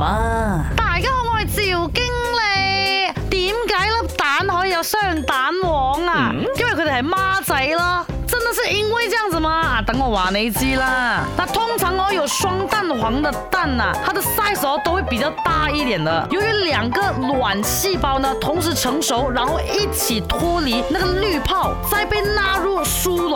大家好，我係趙經理。點解粒蛋可以有雙蛋黃啊？嗯、因為佢哋係孖仔咯。真的是因為這樣子嗎？啊、等我話你知啦。那通常哦，有雙蛋黃的蛋啊，它的 size 都會比較大一點的。由於兩個卵細胞呢同時成熟，然後一起脫離那個濾泡，再被